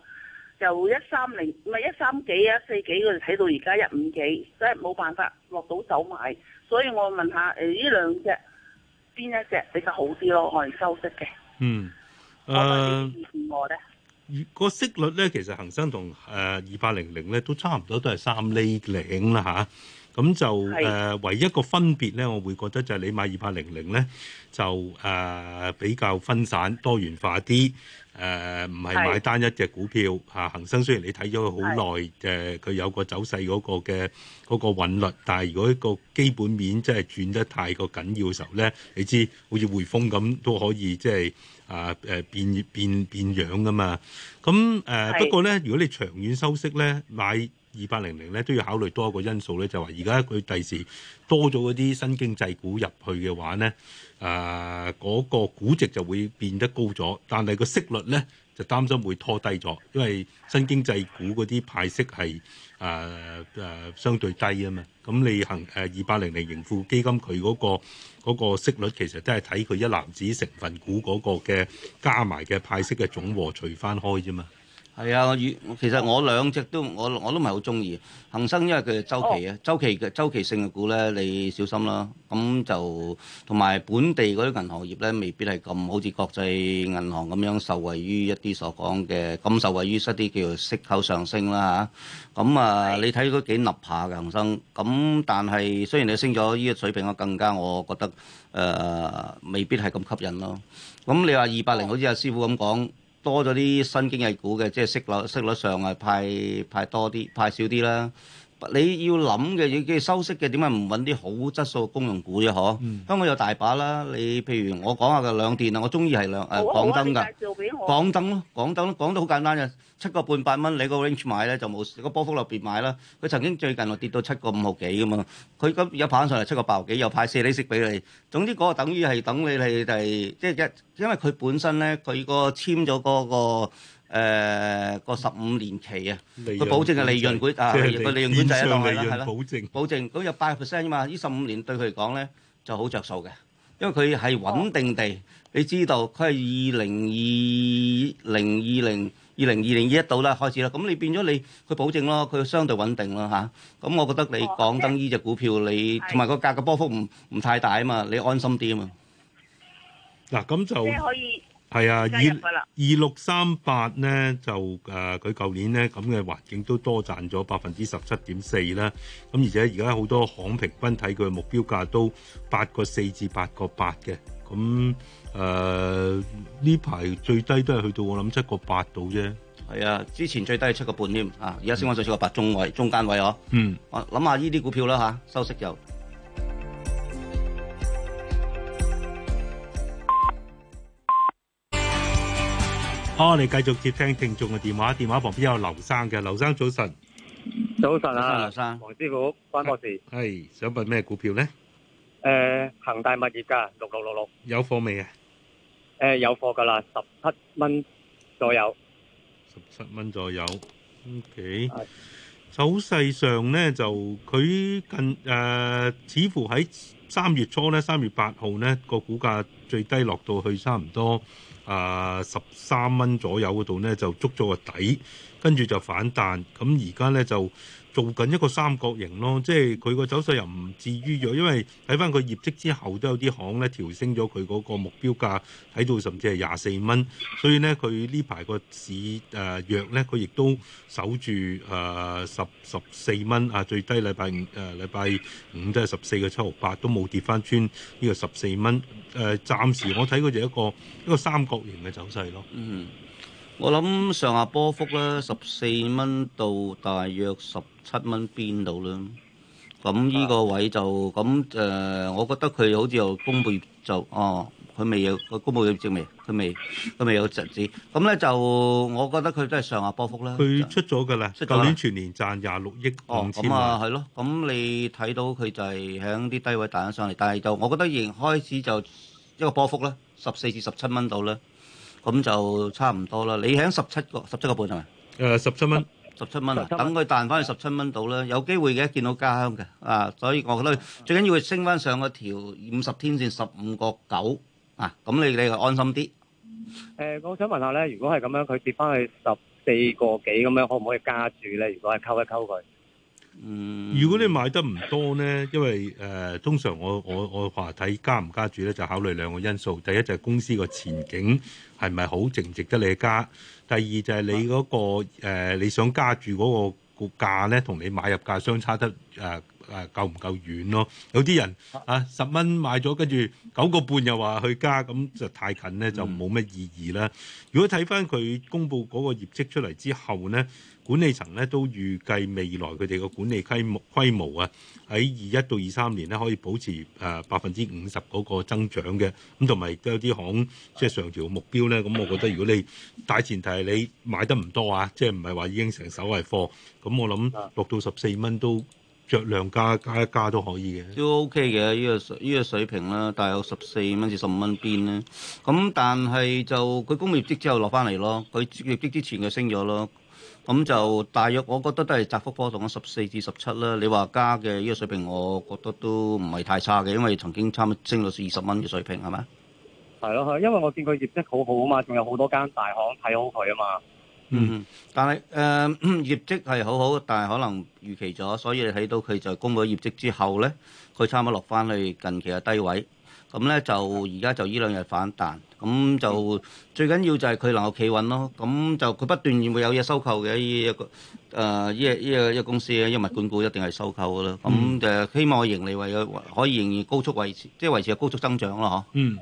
由一三零，唔係一三幾啊，一四幾，我哋睇到而家一五幾，所以冇辦法落到走埋。所以我問下誒呢兩隻邊一隻比較好啲咯，可以收息嘅。嗯，誒多麼、呃，我咧。個息率咧，其實恒生同誒二八零零咧都差唔多都，都係三厘零啦吓，咁就誒、呃、是的 唯一一個分別咧，我會覺得就係你買二八零零咧，就誒、呃、比較分散多元化啲。誒唔係買單一隻股票嚇是的、啊。恆生雖然你睇咗佢好耐，誒佢是的 有個走勢嗰個嘅嗰、嗰個韻律，但係如果一個基本面真係轉得太過緊要嘅時候咧，你知好似匯豐咁都可以即係。啊誒變變變樣噶嘛，咁、啊、誒不過咧，如果你長遠收息咧，買二八零零咧都要考慮多一個因素咧，就係話而家佢第時多咗嗰啲新經濟股入去嘅話咧，啊嗰、嗰個估值就會變得高咗，但係個息率咧就擔心會拖低咗，因為新經濟股嗰啲派息係。誒誒、啊啊，相對低啊嘛，咁你行誒二八零零盈富基金佢嗰、嗰個嗰個息率，其實都係睇佢一籃子成分股嗰個嘅加埋嘅派息嘅總和除翻開啫嘛。係啊，我其實我兩隻都我我都唔係好中意恒生，因為佢係周期啊，週、oh. 期嘅週期性嘅股咧，你小心啦。咁就同埋本地嗰啲銀行業咧，未必係咁好似國際銀行咁樣受惠於一啲所講嘅咁受惠於一啲叫做息口上升啦吓，咁啊，啊 oh. 你睇都幾立下嘅恒生，咁但係雖然你升咗呢個水平，我更加我覺得誒、呃、未必係咁吸引咯。咁你話二百零，好似阿師傅咁講。多咗啲新經濟股嘅，即係息率，息率上啊，派派多啲，派少啲啦。你要諗嘅嘢，要收息嘅點解唔揾啲好質素公用股啫？嗬，香港有大把啦。你譬如我講下嘅兩電啊，我中意係兩誒港燈㗎。好，我可以介紹俾我。港燈咯，港燈咯，港燈好簡單嘅，七個半八蚊，你個 range 買咧就冇，個波幅入邊買啦。佢曾經最近落跌到七個五毫幾㗎嘛。佢而家派上嚟七個八毫幾，又派四厘息俾你。總之嗰個等於係等你係第即係一，因為佢本身咧，佢個簽咗嗰個。誒個十五年期啊，佢保證嘅利潤管啊，個利潤管制啊，當係啦，係咯，保證，佢有八個 percent 㗎嘛。呢十五年對佢嚟講咧，就好著數嘅，因為佢係穩定地，你知道佢係二零二零二零二零二零二一度啦開始啦，咁你變咗你佢保證咯，佢相對穩定咯嚇。咁我覺得你港燈呢隻股票，你同埋個價嘅波幅唔唔太大啊嘛，你安心啲啊嘛。嗱，咁就即係可以。係啊，二二六三八咧就誒，佢、呃、舊年咧咁嘅環境都多賺咗百分之十七點四啦。咁、啊、而且而家好多行平均睇佢目標價都八個四至八個八嘅。咁誒呢排最低都係去到我諗七個八度啫。係啊，之前最低係七個半添啊，而家先話再七個八中位中間位呵。啊、嗯，我諗下呢啲股票啦嚇、啊，收息就。好，你繼續接聽聽眾嘅電話，電話旁邊有劉生嘅，劉生早晨，早晨啊，劉生，黃師傅，關我事，係想問咩股票咧？誒，恒大物業噶，六六六六，有貨未啊？誒，有貨噶啦，十七蚊左右，十七蚊左右，O K，係，走勢上咧就佢近誒，似乎喺三月初咧，三月八號咧個股價最低落到去差唔多。啊，十三蚊左右嗰度呢，就捉咗個底，跟住就反彈，咁而家呢，就。做緊一個三角形咯，即係佢個走勢又唔至於弱，因為睇翻佢業績之後都有啲行咧調升咗佢嗰個目標價，睇到甚至係廿四蚊。所以咧佢呢排個市誒弱咧，佢、呃、亦都守住誒十十四蚊啊，最低禮拜五誒禮拜五 14, 7, 6, 8, 都係十四個七毫八，都冇跌翻穿呢個十四蚊。誒暫時我睇佢就一個一個三角形嘅走勢咯。嗯，我諗上下波幅咧十四蚊到大約十。七蚊邊度啦？咁呢個位就咁誒、呃，我覺得佢好似有公佈業就哦，佢未有個公佈業績未，佢未佢未有實質。咁咧就我覺得佢都係上下波幅啦。佢出咗㗎啦，舊年全年賺廿六億港元。哦，啊係咯，咁你睇到佢就係喺啲低位彈上嚟，但係就我覺得仍開始就一個波幅啦，十四至十七蚊度啦，咁就差唔多啦。你喺十七個十七個半係咪？誒、呃，十七蚊，十七蚊啊，元等佢彈翻去十七蚊度啦，的有機會嘅，見到家鄉嘅啊，所以我覺得最緊要佢升翻上嗰條五十天線十五個九啊，咁你你就安心啲。誒、呃，我想問下咧，如果係咁樣，佢跌翻去十四個幾咁樣，可唔可以加注咧？如果係溝一溝佢，嗯、如果你買得唔多咧，因為誒、呃，通常我我我話睇加唔加注咧，就考慮兩個因素，第一就係、是、公司個前景係咪好值唔值得你加？第二就係你嗰個，呃，你想加注嗰個股價咧，同你買入價相差得誒誒夠唔夠遠咯？有啲人啊，十蚊買咗，跟住九個半又話去加，咁就太近咧，就冇乜意義啦。如果睇翻佢公布嗰個業績出嚟之後咧，管理層咧都預計未來佢哋嘅管理規模規模啊。喺二一到二三年咧，可以保持誒百分之五十嗰個增長嘅，咁同埋都有啲行即係、就是、上調目標咧。咁我覺得如果你大前提係你買得唔多啊，即係唔係話已經成手係貨，咁我諗六到十四蚊都着量加加一加都可以嘅，都 OK 嘅。呢個呢個水平啦，大約十四蚊至十五蚊邊咧。咁但係就佢公布業績之後落翻嚟咯，佢業績之前就升咗咯。咁就大約，我覺得都係窄幅波動，咁十四至十七啦。你話加嘅呢個水平，我覺得都唔係太差嘅，因為曾經差唔多升到二十蚊嘅水平，係咪？係咯，係，因為我見佢業績好好啊嘛，仲有好多間大行睇好佢啊嘛。嗯，但係誒、呃、業績係好好，但係可能預期咗，所以你睇到佢就公布業績之後咧，佢差唔多落翻去近期嘅低位。咁咧就而家就依兩日反彈，咁就最緊要就係佢能夠企穩咯。咁就佢不斷會有嘢收購嘅呢一個誒、呃、一一一個公司啊，因為物管股一定係收購噶啦。咁就希望盈利為可以仍然高速維持，即係維持個高速增長咯，嗬？嗯。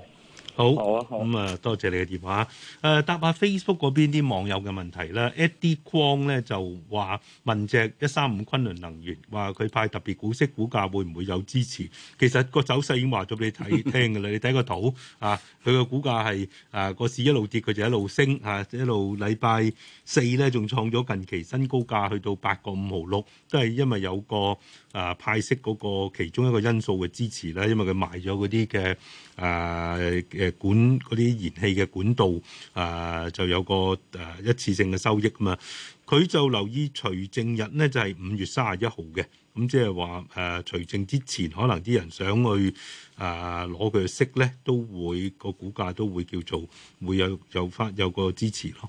好，咁啊、嗯，多謝你嘅電話。誒、啊，答下 Facebook 嗰邊啲網友嘅問題啦。Eddie Kwong 咧就話問隻一三五昆侖能源，話佢派特別股息，股價會唔會有支持？其實個走勢已經話咗俾你睇聽㗎啦。 你睇個圖啊，佢個股價係啊個市一路跌，佢就一路升啊，一路禮拜四咧仲創咗近期新高價，去到八個五毫六，都係因為有個。啊，派息嗰個其中一個因素嘅支持啦，因為佢賣咗嗰啲嘅啊嘅管嗰啲燃氣嘅管道啊，就有個啊一次性嘅收益嘛。佢就留意除淨日咧就係五月三十一號嘅，咁即係話誒除淨之前，可能啲人想去啊攞佢嘅息咧，都會個股價都會叫做會有有翻有個支持咯。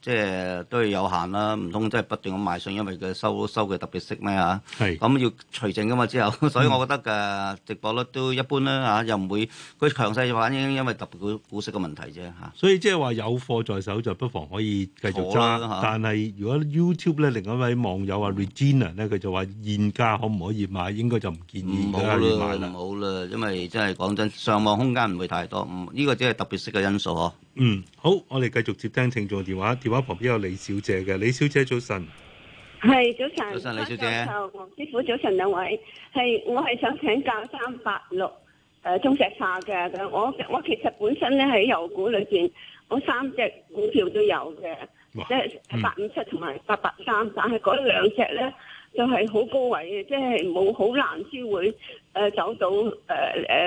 即係都係有限啦，唔通真係不斷咁賣上，因為佢收收佢特別息咩嚇？係咁要除淨㗎嘛，之後，所以我覺得嘅值博率都一般啦嚇，又唔會佢強勢反映因為特別股股息嘅問題啫嚇。所以即係話有貨在手，就不妨可以繼續揸。但係如果 YouTube 咧，另一位網友話 Regina 咧，佢就話現價可唔可以買？應該就唔建議而家買啦。唔好啦，因為真係講真，上網空間唔會太多。嗯，呢個只係特別息嘅因素嗬。嗯，好，我哋繼續接聽聽眾電話。電話旁邊有李小姐嘅，李小姐早晨，係早晨，早晨李小姐，黃師傅早晨，兩位係我係想請教三八六誒中石化嘅，我我其實本身咧喺油股裏邊，我三隻股票都有嘅，即係八五七同埋八八三，但係嗰兩隻咧就係好高位嘅，即係冇好難先會誒走到誒誒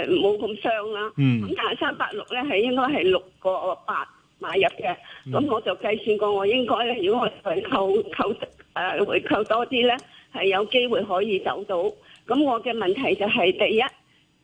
冇咁傷啦。咁但係三八六咧係應該係六個八買入嘅。咁我就計算過，我應該咧，如果我回購購誒回購多啲咧，係有機會可以走到。咁我嘅問題就係第一，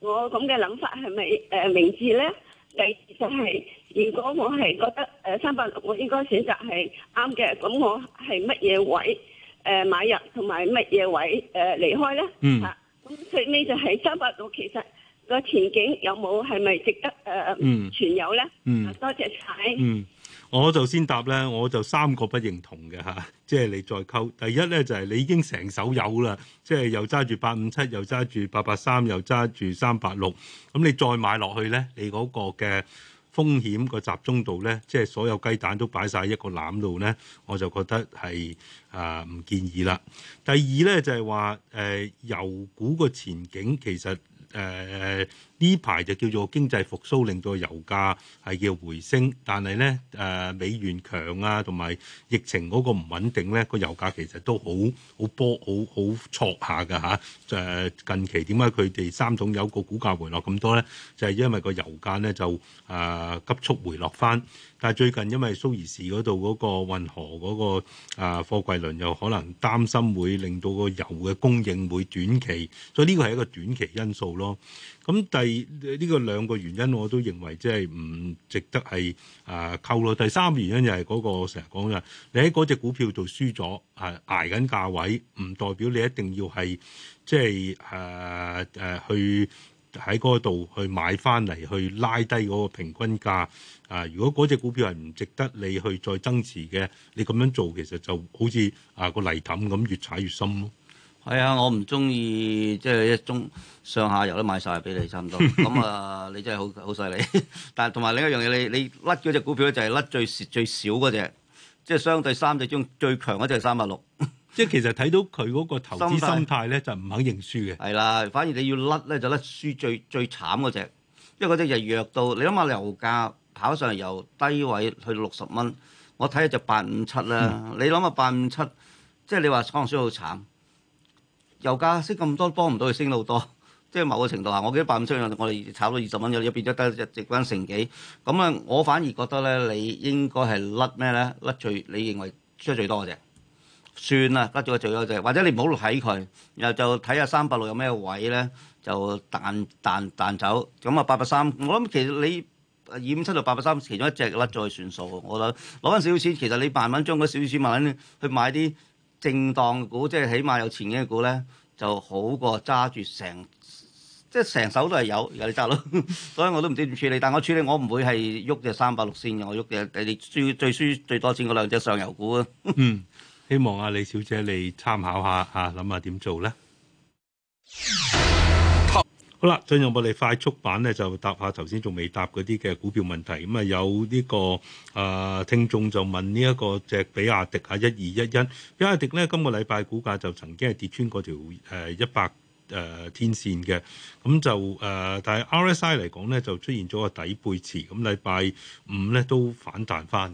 我咁嘅諗法係咪誒明智咧？第二就係，如果我係覺得誒三百六，我應該選擇係啱嘅，咁我係乜嘢位誒買入，同埋乜嘢位誒離開咧？嗯。嚇，咁最尾就係三百六，其實個前景有冇係咪值得誒持有咧？嗯。多謝晒。嗯。我就先答咧，我就三個不認同嘅嚇、啊，即係你再溝。第一咧就係、是、你已經成手有啦，即係又揸住八五七，又揸住八八三，又揸住三八六。咁你再買落去咧，你嗰個嘅風險個集中度咧，即係所有雞蛋都擺晒一個籃度咧，我就覺得係啊，唔建議啦。第二咧就係話誒油股個前景其實誒。呃呢排就叫做經濟復甦，令到油價係叫回升，但係咧誒美元強啊，同埋疫情嗰個唔穩定咧，個油價其實都好好波好好挫下㗎吓。誒、啊、近期點解佢哋三種有個股價回落咁多咧？就係、是、因為個油價咧就誒、呃、急速回落翻。但係最近，因為蘇伊士嗰度嗰個運河嗰、嗰個啊貨櫃輪又可能擔心會令到個油嘅供應會短期，所以呢個係一個短期因素咯。咁、嗯、第呢、呢個兩個原因我都認為即係唔值得係啊購咯。第三個原因就係嗰、嗰個成日講嘅，你喺嗰隻股票度輸咗啊捱緊價位，唔代表你一定要係即係誒誒去喺嗰度去買翻嚟去拉低嗰個平均價。啊！如果嗰隻股票係唔值得你去再增持嘅，你咁樣做其實就好似啊個泥氹咁，越踩越深咯。係啊，我唔中意即係一中上下游都買晒俾你，差唔多。咁啊，你真係好好犀利。但係同埋另一樣嘢，你你甩嗰隻股票就係甩最最少嗰隻，即係相對三隻中最強嗰隻係三百六。即係其實睇到佢嗰個投資心態咧，就唔肯認輸嘅。係啦，反而你要甩咧，就甩輸最最慘嗰隻，因為嗰隻就弱到你諗下油價。跑上由低位去六十蚊，我睇、嗯、下就八五七啦。你諗下八五七，即係你話倉鼠好慘，油價升咁多幫唔到佢升到好多，即係某個程度下，我記得八五七我哋炒到二十蚊，又一變咗低直翻成幾。咁啊，我反而覺得咧，你應該係甩咩咧？甩最你認為出最多嘅啫。算啦，甩咗最多啫或者你唔好睇佢，然後就睇下三百六有咩位咧，就彈彈彈走。咁啊，八百三，我諗其實你。二五,五七六八百三，其中一隻甩再算數。我諗攞翻少少錢，其實你慢慢將嗰少少錢慢慢去買啲正當股，即係起碼有前景嘅股咧，就好過揸住成即係成手都係有，由你揸咯。 所以我都唔知點處理，但我處理我唔會係喐嘅三百六線，我喐嘅你輸最輸最多錢嗰兩隻上游股啊。 嗯，希望阿李小姐你參考下嚇，諗下點做咧？好啦，進入我哋快速版咧，就答下頭先仲未答嗰啲嘅股票問題。咁、嗯、啊，有呢、這個啊、呃、聽眾就問、這個、1, 2, 1, 1呢一個隻比亞迪啊，一二一一比亞迪咧，今個禮拜股價就曾經係跌穿嗰條誒一百誒天線嘅。咁、嗯、就誒、呃，但係 RSI 嚟講咧，就出現咗個底背馳。咁禮拜五咧都反彈返。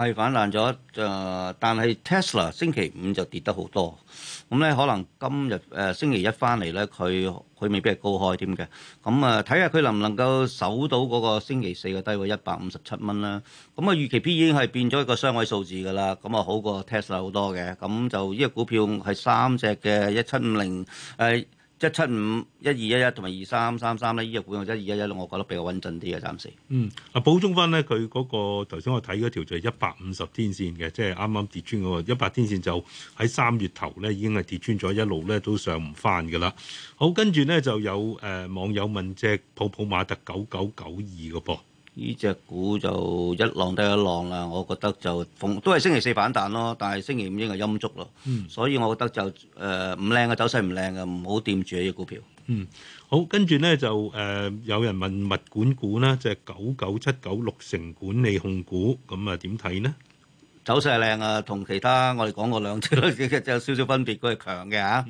係反彈咗，就、呃、但係 Tesla 星期五就跌得好多，咁、嗯、咧可能今日誒、呃、星期一翻嚟咧，佢佢未必係高開添嘅，咁啊睇下佢能唔能夠守到嗰個星期四嘅低位一百五十七蚊啦，咁、嗯、啊預期 P 已經係變咗一個雙位數字㗎喇，咁、嗯、啊好、嗯、過 Tesla 好多嘅，咁、嗯、就呢個股票係三隻嘅一七五零誒。呃一七五一二一一同埋二三三三咧，依隻股用一二一一，我覺得比較穩陣啲嘅，暫時。嗯，啊補充翻咧，佢嗰、那個頭先我睇嗰條就係一百五十天線嘅，即係啱啱跌穿嗰個一百天線就喺三月頭咧已經係跌穿咗，一路咧都上唔翻嘅啦。好，跟住咧就有誒、呃、網友問隻泡泡瑪特九九九二嘅噃。呢隻股就一浪低一浪啦，我覺得就逢都係星期四反彈咯，但係星期五已經係陰燭咯，嗯、所以我覺得就誒唔靚嘅走勢唔靚嘅，唔好掂住呢隻股票。嗯，好，跟住咧就誒、呃、有人問物管股咧，即係九九七九六成管理控股，咁啊點睇呢？」走勢係靚啊，同其他我哋講過兩隻， 有少少分別，佢係強嘅嚇。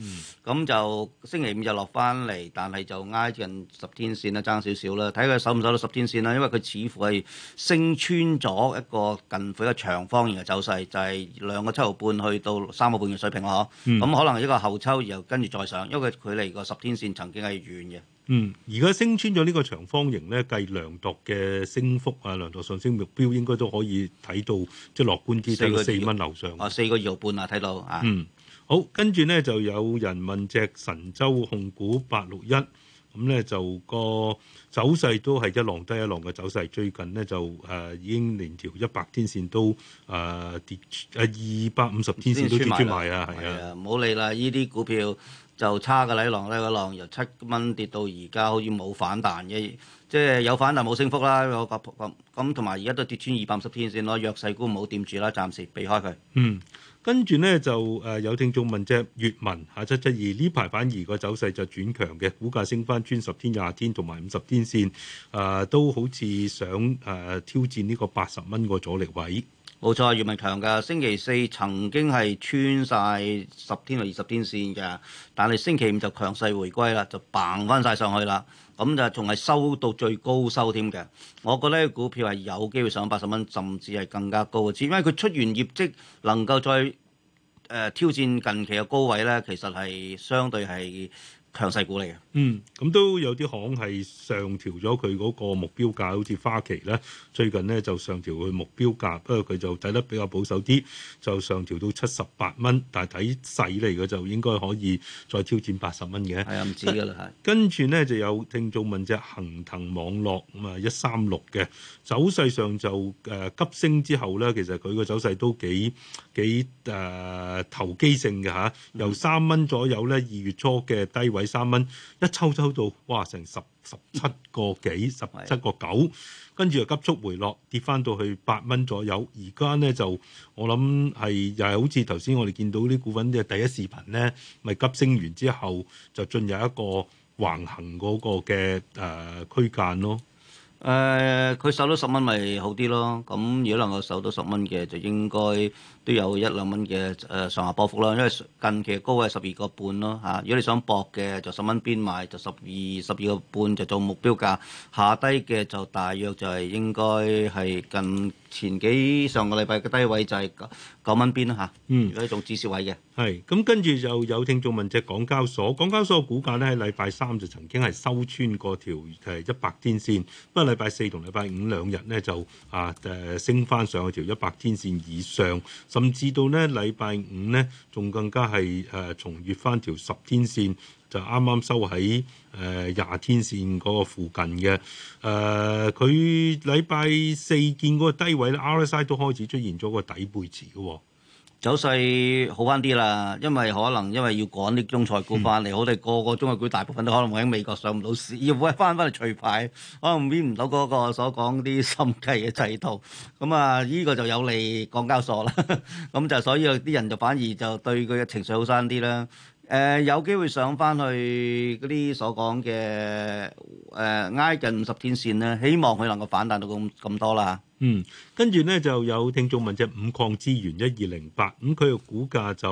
咁、嗯、就星期五就落翻嚟，但係就挨近十天線啦，爭少少啦。睇佢守唔守到十天線啦因為佢似乎係升穿咗一個近乎一個長方形嘅走勢，就係、是、兩個七毫半去到三個半嘅水平咯，咁、嗯、可能一個後抽然後跟住再上，因為佢距離個十天線曾經係遠嘅。嗯，而家升穿咗呢個長方形咧，計量度嘅升幅啊，量度上升目標應該都可以睇到，即係樂觀啲睇四蚊樓上。哦，四個月半啊，睇到啊。嗯，好，跟住咧就有人問隻神州控股八六一，咁咧就個走勢都係一浪低一浪嘅走勢，最近呢，就誒、呃、已經連條一百天線都誒跌，誒二百五十天線都跌穿埋啊，係啊，唔好、啊、理啦，呢啲股票。就差個禮浪咧個浪，由七蚊跌到而家好似冇反彈嘅，即係有反彈冇升幅啦。我覺咁同埋而家都跌穿二百五十天線咯，弱勢股唔好掂住啦，暫時避開佢。嗯，跟住呢，就誒有聽眾問隻，粵文下七七二呢排反而個走勢就轉強嘅，股價升翻穿十天廿天同埋五十天線，誒、呃、都好似想誒、呃、挑戰呢個八十蚊個阻力位。冇錯，葉文強嘅。星期四曾經係穿晒十天或二十天線嘅，但係星期五就強勢回歸啦，就掹翻晒上去啦。咁就仲係收到最高收添嘅。我覺得股票係有機會上八十蚊，甚至係更加高嘅，只因為佢出完業績，能夠再誒、呃、挑戰近期嘅高位咧，其實係相對係強勢股嚟嘅。嗯，咁都有啲行係上調咗佢嗰個目標價，好似花旗咧，最近呢就上調佢目標價，不過佢就睇得比較保守啲，就上調到七十八蚊。但係睇勢嚟嘅就應該可以再挑戰八十蚊嘅。係啊，唔知㗎啦。跟住呢就有聽眾問隻恆騰網絡，咁啊一三六嘅走勢上就誒、呃、急升之後呢，其實佢個走勢都幾幾誒、呃、投機性嘅嚇、啊，由三蚊左右呢，二月初嘅低位三蚊。一抽抽到，哇！成十十七個幾，十七個九。的跟住又急速回落，跌翻到去八蚊左右。而家咧就，我諗係又係好似頭先我哋見到啲股份嘅第一視頻咧，咪、就是、急升完之後就進入一個橫行嗰個嘅誒區間咯。誒佢守到十蚊咪好啲咯，咁、嗯、如果能夠守到十蚊嘅，就應該都有一兩蚊嘅誒上下波幅啦，因為近期高係十二個半咯嚇、啊，如果你想搏嘅就十蚊邊買，就十二十二個半就做目標價，下低嘅就大約就係應該係近。前幾上個禮拜嘅低位就係九九蚊邊啦嚇，係一種指示位嘅。係咁，跟住就有聽眾問隻港交所，港交所嘅股價咧喺禮拜三就曾經係收穿嗰條誒一百天線，不過禮拜四同禮拜五兩日咧就啊誒、啊、升翻上嗰條一百天線以上，甚至到咧禮拜五咧仲更加係誒、啊、重越翻條十天線。就啱啱收喺誒廿天線嗰個附近嘅，誒佢禮拜四見嗰個低位咧，RSI 都開始出現咗個底背馳嘅、哦，走勢好翻啲啦。因為可能因為要趕啲中概股翻嚟，我哋、嗯、個個中概股大部分都可能喺美國上唔到市，嗯、要翻翻嚟除牌，可能免唔到嗰個所講啲審計嘅制度。咁啊，呢、這個就有利港交所啦。咁就所以啊，啲人就反而就對佢嘅情緒好生啲啦。誒、呃、有機會上翻去嗰啲所講嘅誒挨近五十天線咧，希望佢能夠反彈到咁咁多啦。嗯，跟住咧就有聽眾問隻五礦資源一二零八，咁佢嘅股價就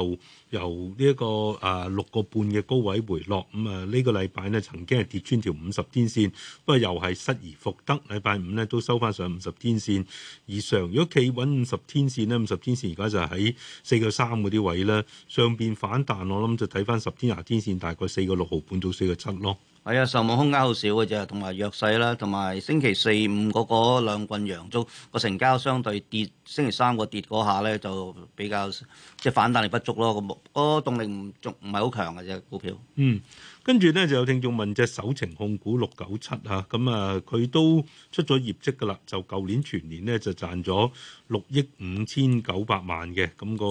由呢、這、一個誒六個半嘅高位回落，咁、嗯、啊、這個、呢個禮拜咧曾經係跌穿條五十天線，不過又係失而復得，禮拜五呢都收翻上五十天線以上。如果企穩五十天線呢，五十天線而家就喺四個三嗰啲位咧，上邊反彈，我諗就睇翻十天廿天線，大概四個六毫半到四個七咯。係啊，上望空間好少嘅啫，同埋弱勢啦，同埋星期四、五嗰個兩棍陽燭個成交相對跌，星期三個跌嗰下咧就比較即係反彈力不足咯。個、那、冇個動力唔仲唔係好強嘅隻股票。嗯。跟住咧就有聽眾問隻首程控股六九七啊，咁啊佢都出咗業績噶啦，就舊年全年咧就賺咗六億五千九百萬嘅，咁個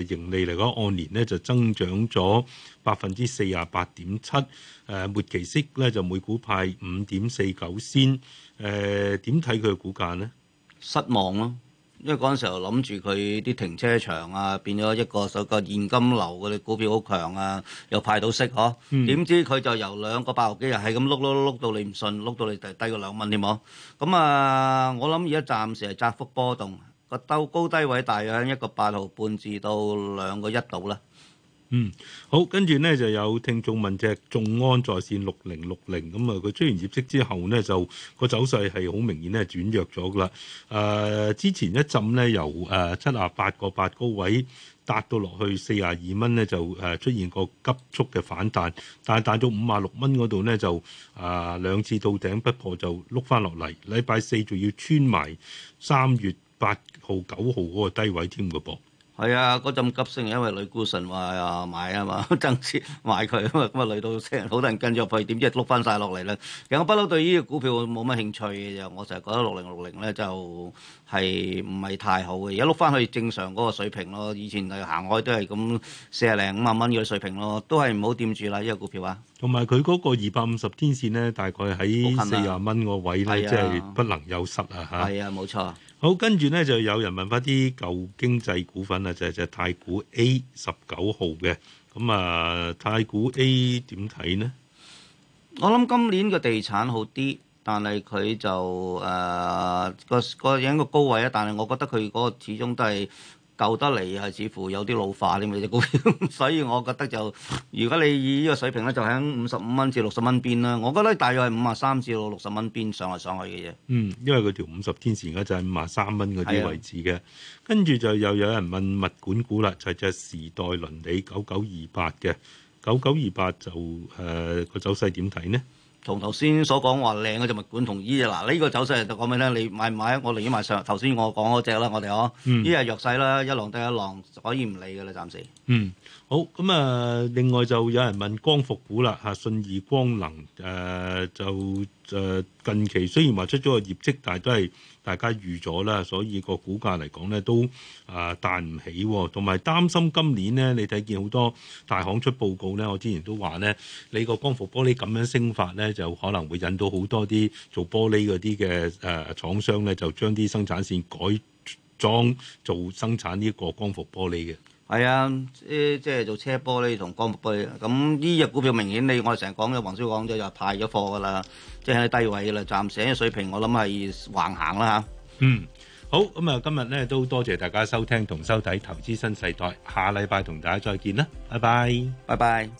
誒盈利嚟講，按年咧就增長咗百分之四十八點七，誒、啊、末期息咧就每股派五點四九仙，誒點睇佢嘅股價呢？失望咯。因為嗰陣時候諗住佢啲停車場啊，變咗一個首個現金流嘅股票好強啊，又派到息嗬，點、啊嗯、知佢就由兩個八毫幾，又係咁碌碌碌碌到你唔信，碌到你就低個兩蚊添喎。咁啊，我諗而家暫時係窄幅波動，個鬥高低位大約一個八毫半至到兩個一度啦。嗯，好，跟住咧就有聽眾問隻眾安在線六零六零，咁啊佢出完業績之後呢，就個走勢係好明顯咧轉弱咗噶啦。誒、呃、之前一浸呢，由誒七啊八個八高位，達到落去四啊二蚊呢，就誒出現個急速嘅反彈，但係彈到五啊六蚊嗰度呢，就、呃、誒兩次到頂不破就碌翻落嚟，禮拜四仲要穿埋三月八號九號嗰個低位添嘅噃。呃係啊，嗰陣急升，因為女股神話啊買啊嘛，爭先買佢，咁啊累到成好多人跟住入去，點知又碌翻晒落嚟啦。其實我不嬲對呢個股票冇乜興趣嘅，就我成日覺得六零六零咧就係唔係太好嘅，而家碌翻去正常嗰個水平咯。以前誒行開都係咁四廿零五萬蚊嘅水平咯，都係唔好掂住啦呢、這個股票啊。同埋佢嗰個二百五十天線咧，大概喺四廿蚊個位咧，即係、啊啊、不能有失啊嚇。係啊，冇錯。好，跟住咧就有人問翻啲舊經濟股份啊，就係就係太古 A 十九號嘅，咁、嗯、啊太古 A 點睇呢？我諗今年嘅地產好啲，但係佢就誒、呃、個個影個高位啊，但係我覺得佢嗰個始終都係。舊得嚟係似乎有啲老化啲嘛隻股票，所以我覺得就，如果你以呢個水平咧，就喺五十五蚊至六十蚊邊啦。我覺得大約係五十三至六十蚊邊上嚟上去嘅嘢。嗯，因為佢條五十天線而家就係五十三蚊嗰啲位置嘅，跟住、啊、就又有人問物管股啦，就係、是、隻時代鄰里九九二八嘅，九九二八就誒個、呃、走勢點睇呢？同頭先所講話靚嘅就物管同依隻，嗱呢、呢個走勢就講咩咧？你買唔買？我寧願買上頭先我講嗰隻啦，我哋呵，依係、嗯、弱勢啦，一浪低一浪，可以唔理嘅啦，暫時。嗯，好咁啊、嗯，另外就有人問光伏股啦嚇，信義光能誒、呃、就誒、呃、近期雖然話出咗個業績，但係都係。大家預咗啦，所以個股價嚟講咧都啊彈唔起喎，同埋擔心今年咧，你睇見好多大行出報告咧，我之前都話咧，你個光伏玻璃咁樣升法咧，就可能會引到好多啲做玻璃嗰啲嘅誒廠商咧，就將啲生產線改裝做生產呢個光伏玻璃嘅。係啊，即即係做車玻璃同要同玻璃。咁呢隻股票明顯，你我哋成日講嘅黃少講咗又派咗貨噶啦，即係喺低位噶啦，暫時啲水平，我諗係橫行啦吓，嗯，好咁啊，今日咧都多謝大家收聽同收睇《投資新世代》，下禮拜同大家再見啦，拜拜，拜拜。